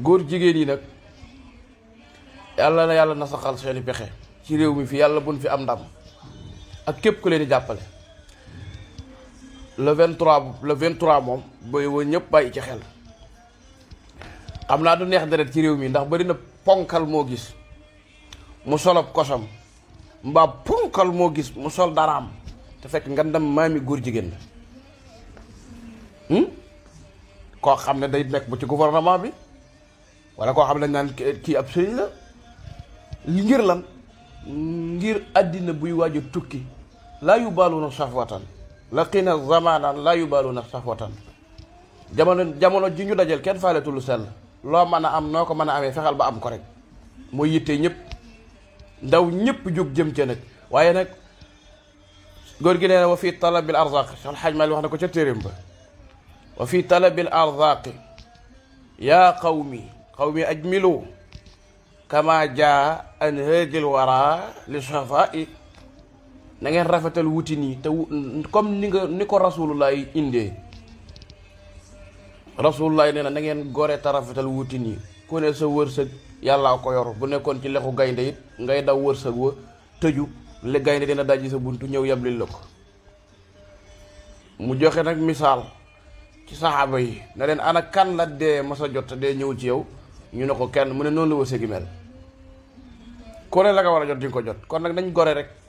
góor jigéen yi nag yàlla na yàlla nasaxal seeni pexe ci réew mi fi yàlla buñ fi am ndam ak képp ku leen jàppale la 23 le 23 moom booy woo ñëpp bàyyi ci xel xam naa du neex deret ci réew mi ndax bari na ponkal moo gis mu solob kosam mbaa ponkal moo gis mu sol dara am te fekk nga ndam maami góor jigéen la hmm? koo xam ne day nekk bu ci gouvernement bi wala koo xam ne dañ naan kii ab sëriñ li ngir lan ngir àddina buy waaj a tukki laa yubaaluuna safwatan laqina zamanan laa yubaaluuna safwatan jamono jamono ji ñu dajal kenn faaleetu lu sell loo mën a am noo ko mën a amee fexeel ba am ko rek moo yitte ñëpp ndaw ñëpp jóg jëm ca nag waaye nag góor gi nee na wa fii talabil arzaq Seex Alxaaj Maalik wax na ko ca téeréem ba wa fi talabil arzaaqi yaa xaw mi ajmilu kama jaa an hëjil wara li safaa'i na ngeen rafetal wuti nii te comme ni nga ni ko rasulullah indee rasulullah nee na na ngeen gore te rafetal wuti nii ku ne sa wërsëg yàllaa ko yor bu nekkoon ci lexu gaynde it ngay daw wërsëg wa tëju li gaynde dina dajji sa buntu ñëw yablil la ko mu joxe nag misaal ci saxaaba yi na leen ana kan la dee masa jot dee ñëw ci yow ñu ne ko kenn mu ne noonu la wërsëg gi mel ku ne la nga war a jot di nga ko jot kon nag nañ gore rek